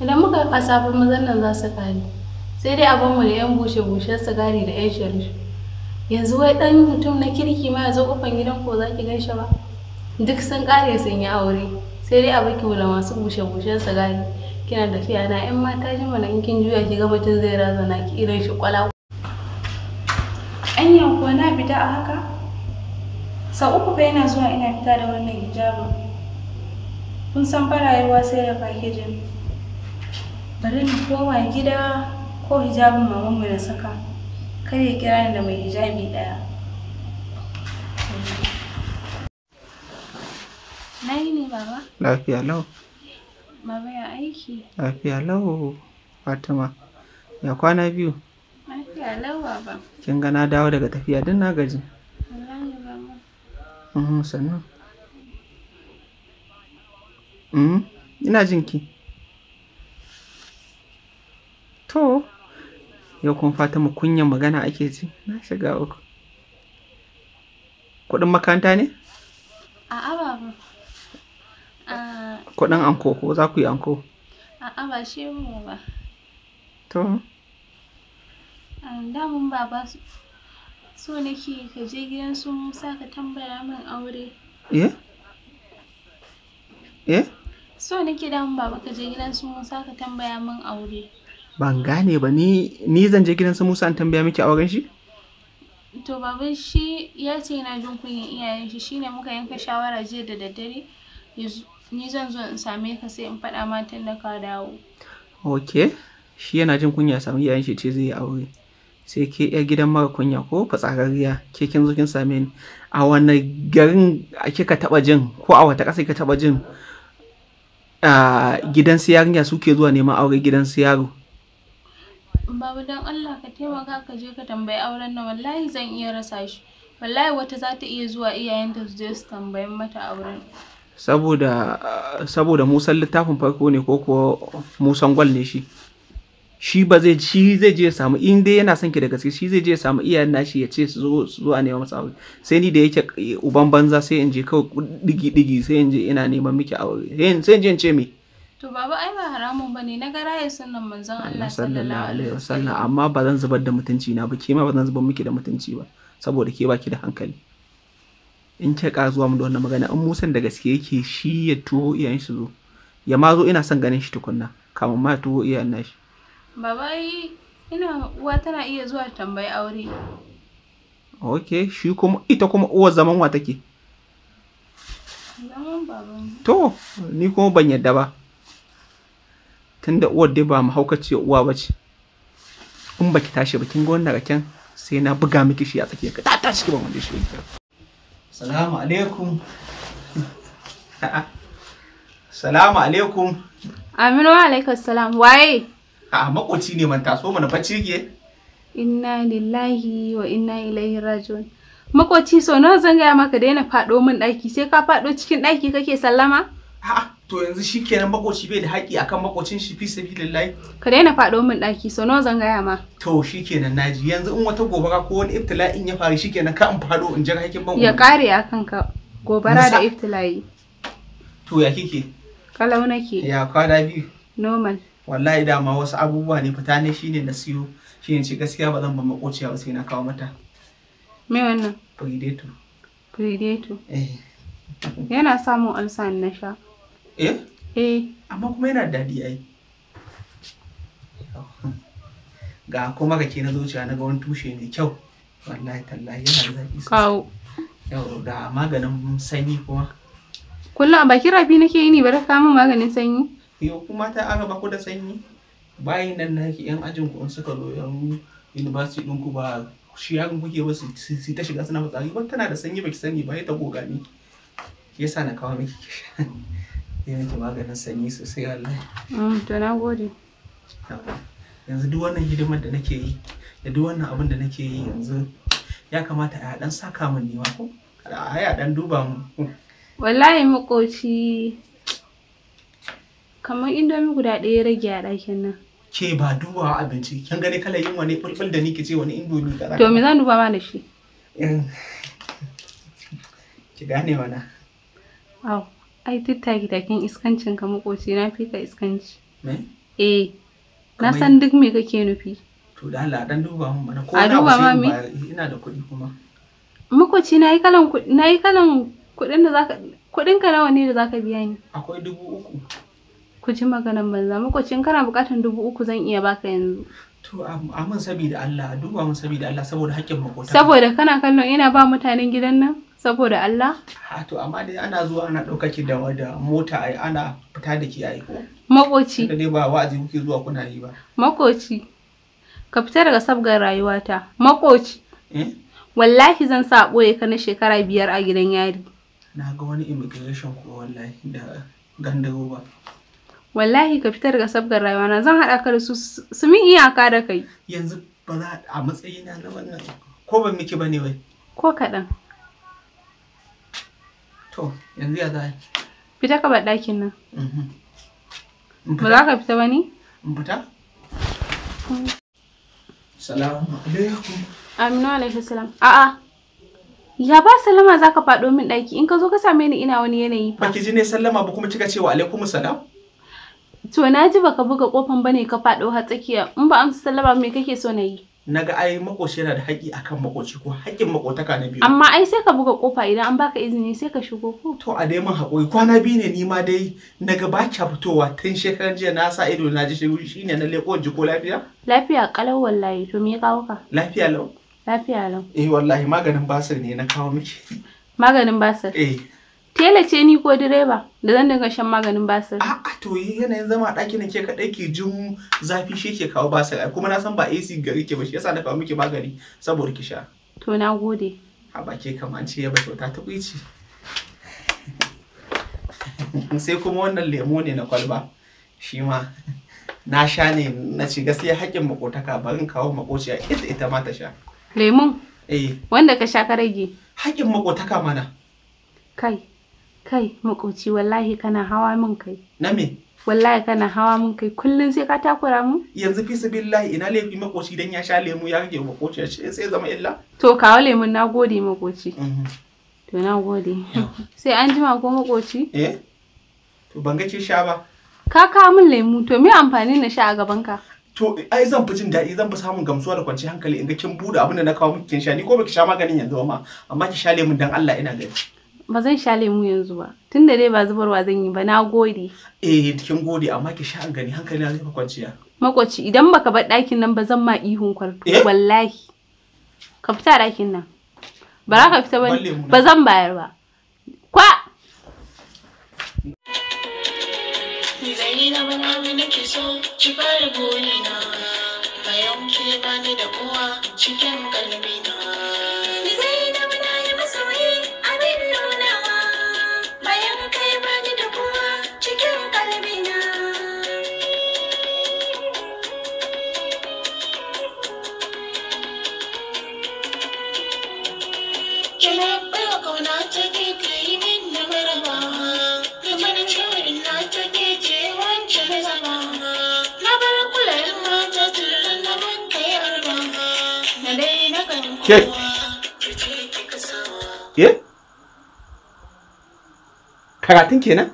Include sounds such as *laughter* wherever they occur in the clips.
idan muka yi kasafin mazan nan za su kare sai dai abin mu da yan bushe bushen sigari da yan shari yanzu wai dan mutum na kirki ma ya zo kofan gidan ko za ki gan shi ba duk sun kare sun yi aure sai dai a baki da masu bushe bushen sigari kina tafiya na yan mata ji mana in kin juya ki ga mutum zai razana ki irin shi kwala anya kuwa na fita a haka sau uku fa yana zuwa ina fita da wannan hijabin kun san farayewa sai da fakejin bari ni koma gida ko hijabin mamanmu na saka kar ya kira ni da mai hijabi ɗaya na yi ne baba lafiya lau baba ya aiki lafiya lau fatima ya kwana biyu lafiya lau baba kin ga na dawo daga tafiya din na gaji wallahi baba mm, sannan mm, ina jinki To, yau kuma fata mu kunyan magana ake ji? Na shiga uku. Kuɗin makaranta ne? A'a babu. Ah, Kuɗin anko ko za ku yi anko? A'a ba shi mu ba. To. Ah, damun baba so nake ka je gidan su Musa ka tambaya min aure. Eh? Eh? So nake damun baba ka je gidan su Musa ka tambaya min aure. ban gane ba ni zan je gidan su Musa an tambaya miki auren shi to baban shi ya ce yana jin kunyin iyayen shi shine muka yanka shawara jiya da daddare ni zan zo in same ka sai in faɗa matan tun da ka dawo ok shi yana jin kunya samu iyayen shi ce zai yi aure sai ke yar gidan mara kunya ko fatsararriya ke kin zo kin same ni a wani garin ka taba jin ko a wata ƙasa ka taba jin ah, gidan su yarinya suke zuwa neman aure gidan su yaro babu don Allah ka taimaka ka je ka tambayi auren nan wallahi zan iya rasa shi wallahi wata za ta iya zuwa iyayenta su je su tambayi mata auren saboda saboda musan littafin farko ne ko kuwa musan gwal ne shi shi ba zai shi zai je samu in dai yana son ki da gaske shi zai je samu iyayen nashi ya ce su zo su zo a nema masa aure sai ni da yake eh, uban banza sai in je kawai digi digi sai in je ina neman miki aure sai in je in ce me To baba ai ba haramun bane na ga ra'ayin sunnan manzon Allah sallallahu alaihi wasallam amma ba zan zubar da mutunci na ba ke ma ba zan zubar miki da mutunci ba saboda ke baki da hankali. In ke ka zuwa mu da wannan magana in Musan da gaske yake shi ya tuho iyayen shi zo ya ma zo ina son ganin shi tukunna kamar ma tuho iyayen nashi. Baba ai ina uwa tana iya zuwa tambayi aure. Ok, shi kuma ita kuma uwar zaman wa take? To, ni kuma ban yadda ba. tunda uwar dai ba mahaukaciyar uwa ba ce in baki tashi ba kin ga wannan raken sai na buga miki shi a tsake ka ta tashi ki ban wanda shi yake salamu alaikum salamu alaikum aminu wa alaikum salam waye a makoci ne man taso mana bacci ke inna lillahi wa inna ilaihi rajiun makoci so nawa zan gaya maka daina faɗo min ɗaki sai ka faɗo cikin ɗaki kake sallama a'a to yanzu shi kenan makoci bai da haƙƙi akan makocin shi fi lillahi ka daina faɗo min ɗaki so nawa zan gaya ma to shi kenan naji yanzu in wata gobara ko wani ibtila'in ya faru shi kenan ka in faɗo in jira haƙƙin ban ya kare a kanka, gobara da ibtila'i to ya kike kalau nake ya kwana biyu normal wallahi dama wasu abubuwa ne fita ne shine na siyo shine ce gaskiya ba zan ba makociya ba sai na kawo mata me wannan predator predator eh *laughs* yana samun ansa na sha eh eh amma kuma yana daɗi ai ga kuma ke na zuciya na ga wani tushe mai kyau wallahi tallahi yana da zafi kawo yau ga maganin sanyi kuma kullum a bakin rafi nake yi ne bari ka min maganin sanyi yau kuma ta an raba ku da sanyi bayan nan naki yan ajin ku in suka zo yan university din ku ba shi yarin kuke ba su ta shiga suna matsari ba tana da sanyi baki sani ba ya ta gogami yasa na kawo miki yi maganin sanyi sosai wallahi ah, to na gode yanzu duk wannan hidimar da nake yi da duk wannan abin da nake yi yanzu ya kamata a dan saka min ne ko a ya dan duba mu wallahi makoci kamar indomi guda ɗaya rage a ɗakin nan ke ba duba abinci kin gani kala yin wani ɓulɓul da nike ce wani indomi da to me zan duba ma da shi eh. ki gane mana au ai tittaki takin iskancin ka makoci na fi ka iskanci Me? eh na san duk me kake nufi to da Allah dan duba mun bana ko a duba ma me ina da kuɗi kuma makoci na yi kalan na yi kalan kuɗin da zaka kuɗin ka nawa ne da zaka biya ni akwai dubu uku ku ji maganan banza makocin kana buƙatar dubu uku zan iya baka yanzu To amma saboda Allah, duba mun saboda Allah saboda haƙƙin makota. Saboda kana kallon ina ba mutanen gidan nan? saboda Allah? Ha to amma dai ana zuwa ana ɗauka ki da wada mota ai ana fita da ki ai Makoci. Da dai ba wa'azi kuke zuwa kuna yi ba. Makoci. Ka fita daga sabgar rayuwata. Makoci. Eh? Wallahi zan sa ɓoye ka na shekara biyar a gidan yari. Na ga wani immigration ko wallahi da gandaroba. Wallahi ka fita daga sabgar rayuwana zan haɗa ka da su su min iyaka da kai. Yanzu ba za a matsayina na wannan ko ban miki bane wai. Ko kaɗan. To, yanzu ya za Fita ka ba ɗakin nan. Mhm. Ba za ka fita ba ni In fita? Salamu alaikum. Aminu alaikum salam. A'a. Ya ba sallama za ka faɗo min ɗaki in ka zo ka same ni ina wani yanayi fa. Baki ji ne sallama ba kuma kika cewa wa alaikum salam? To na ji baka buga kofan bane ka faɗo har tsakiya in ba amsa sallama me kake so na yi? na ga ai makoci yana da haƙi akan makoci ko haƙƙin makotaka na biyu amma ai sai ka buga kofa idan an baka izini sai ka shigo ko to a dai mun haƙuri kwana biyu ne ni ma dai na ba kya fitowa tun shekaran jiya na sa ido na ji shi ne na ji ko lafiya lafiya kalau wallahi to me ya kawo ka lafiya lau lafiya lau eh wallahi maganin basir ne na kawo miki maganin basir eh tela ce ni ko direba da zan dinga shan maganin basir a'a to yanayin zama a ɗaki na ke kaɗai ke jin zafi shi ke kawo basir ai kuma na san ba AC gari ke ba shi yasa na kawo miki magani saboda ki sha to na gode a ke kamar ce ya kyauta ta kuici *laughs* sai kuma wannan lemo ne na kwalba shi ma na sha ne na ci gaskiya haƙƙin makotaka barin kawo makociya ita ita ma ta sha lemon eh wanda ka sha ka rage haƙƙin makotaka mana kai kai makoci wallahi kana hawa min kai na me wallahi kana hawa mun kai kullun sai ka takura mu yanzu fi billahi ina laifi makoci dan ya sha lemu ya rage makoci sai zama illa to kawo lemun na gode makoci mhm. to na gode *laughs* sai an jima ko makoci eh to ban ga ce sha ba ka kawo min lemu to me amfani na sha a gaban ka to ai zan fi jin daɗi zan fi samun gamsuwa da kwanciyar hankali in ga kin bude abin da na kawo miki kin sha ni ko baki sha maganin yanzu ba ma amma ki sha lemun dan Allah ina gani ba zan sha lemu yanzu ba tun da dai ba zubarwa zan yi ba na gode eh kin gode amma ki sha gani hankali na zai kwanciya makwaci idan baka bar ɗakin nan ba zan ma ihun kwarto eh? wallahi ka fita ɗakin nan ba za ka fita ba zan bayar ba kwa na so bayan ke bani da kowa cikin kalbina. ke ye karatun kenan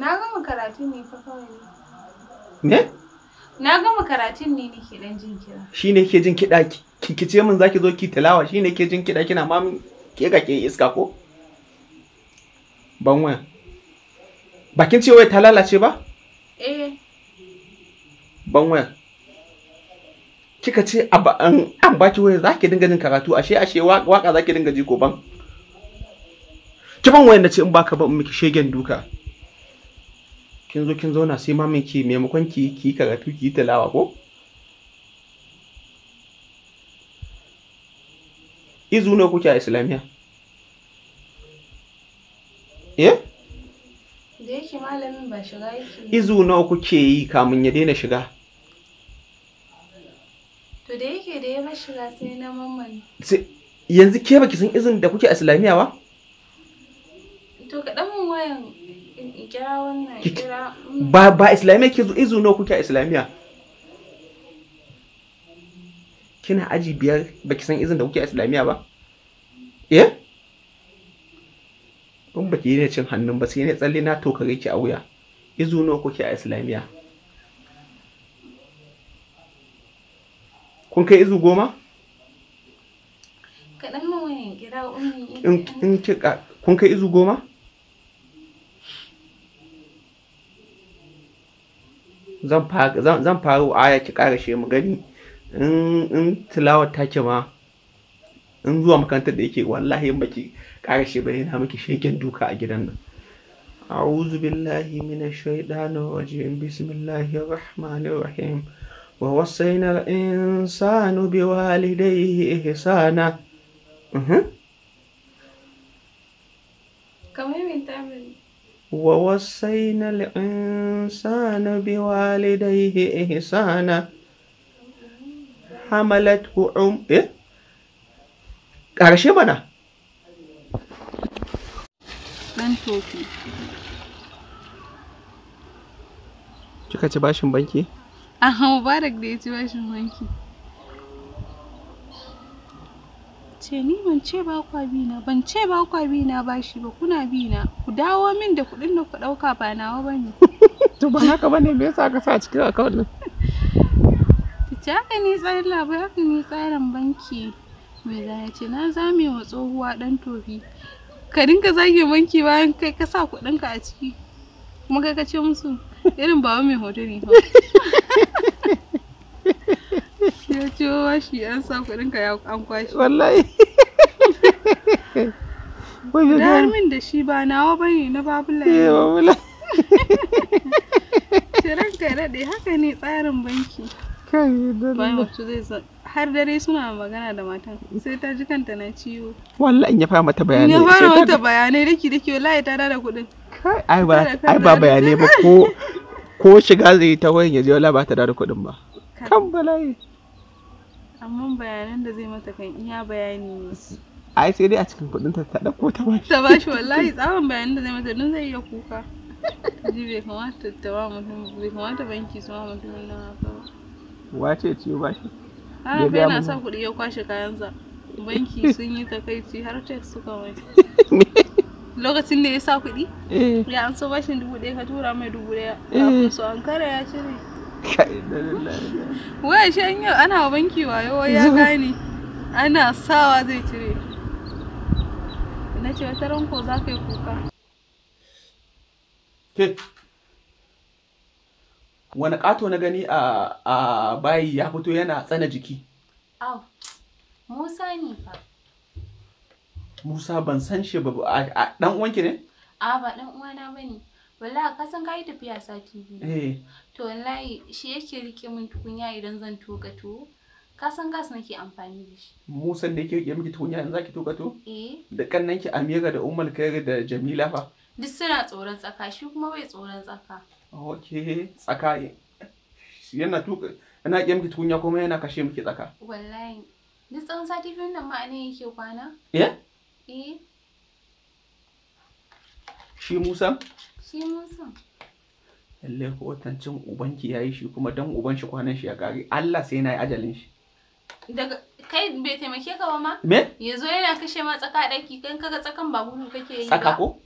na gama karatun ne fa kawai ne na gama karatun ne nake dan jin kira shine ke jin kiɗa ki ce min zaki zo ki talawa shine ke jin kiɗa kina mamin ke ga ke iska ko ban waya bakin ce wai ta lalace ba eh ban waya kika ce an baki waya za ki dinga jin karatu ashe ashe waka za ki dinga ji ko ban ki ban wayan da ce in baka ban miki shegen duka kin zo kin zauna sai mamin ki maimakon ki ki karatu ki talawa ko izu ne kuke a islamiya eh da yake malamin ba shiga yake izu nawa kuke yi kamun ya daina shiga da ya mashiga sai na mamman. Yanzu ke baki san izin da kuke a Islamiyya ba? To ka mun wayan kira wannan kira. Ba mm. ba Islamiya ke izu nawa kuke a Islamiyya? Kina aji biyar baki san izin da kuke a Islamiyya ba? Eh? Kun baki yi ne cin hannun ba sai ne tsalle na tokare ki a wuya. Izu nawa kuke a Islamiyya? kun kai izu goma? kaɗan mawayin umi kun kai izu goma? zan faru aya ki ƙarashe mu gani in tilawar take ma in zuwa makarantar da yake wallahi in baki ƙarashe ba na miki shegen duka a gidan nan أعوذ بالله من الشيطان الرجيم بسم الله الرحمن الرحيم Wa wasu sanin da bi da walida ya yi ni kisa na, bi da walida ya yi ni kisa na, kuma na tsammani bashin banki. a mubarak da ya ci bashin wanki ce ni ban ce ba kwa bi na ban ce ba kwa bi na bashi ba kuna bi na ku dawo min da kuɗin da ku ɗauka ba nawa ba ne *laughs* to ba haka ba ne me yasa ka sa cikin akawun nan ce haka ni tsarin labarai, haka ni tsarin banki mai ya ce na zame wa tsohuwa dan tofi ka dinka zage banki bayan kai ka sa kuɗinka a ciki kuma kai ka ce musu irin ba mai hoto ne ba ya ce washi an sa kudin ka an kwashi wallahi da min da shi ba nawa bane na babula eh babula *laughs* shirin ka daɗe haka ne tsarin banki yi dole har dare suna magana da matan sai ta ji kanta na ciwo wallahi in ya fara mata bayanai ya fara mata bayanai daki daki wallahi ta dada kuɗin ai ba ba bayanai ba *laughs* ko ko shiga zai ta wayan ya je wala ba ta da kuɗin ba kan bala'i amma bayanan da zai mata kan iya bayani ne ai sai dai a cikin kuɗin ta ta dauko ta bashi ta bashi wallahi tsawon bayanan da zai mata don zai iya kuka ji bai kamata ta ba mutum bai kamata banki su ma mutumin nan haka ba wace ce ba shi har bai na sa kuɗi ya kwashe kayansa banki *laughs* sun yi takaici har tax suka mai *laughs* lokacin da ya sa kuɗi eh. ya an so bashin dubu ɗaya ka tura mai dubu ɗaya eh. so an kare ya cire wai shi an yau ana wa banki wayo ya gane ana sawa zai cire na ce wata ranko za ka yi kuka wani ƙato na gani a bayi ya fito yana tsana jiki Musa ne fa. Musa ban san shi ba a dan uwanki ne? A ba dan uwana bane. Wallahi ka san kai tafiya sati biyu. Eh. To wallahi shi yake rike min tukunya idan zan tuka to. Ka san gas nake amfani da shi. Musan da yake rike miki tukunya idan zaki tuka to? Eh. Da kannan ki Amira da Ummul Kairi da Jamila fa. Duk suna tsoron tsaka shi kuma bai tsoron tsaka. Okay, tsaka yana tuka yana rike miki tukunya kuma yana kashe miki tsaka. Wallahi. Duk tsawon sati biyun nan ma yake kwana? Eh? E? shi musa shi musa lallai ko watancin ubanki yayi shi kuma dan uban shi kwanan shi ya kare Allah sai na yi ajalin shi daga kai bai taimake ka ba ma me yazo yana kashe ma tsaka daki kan kaga tsakan babu kake yi tsaka ko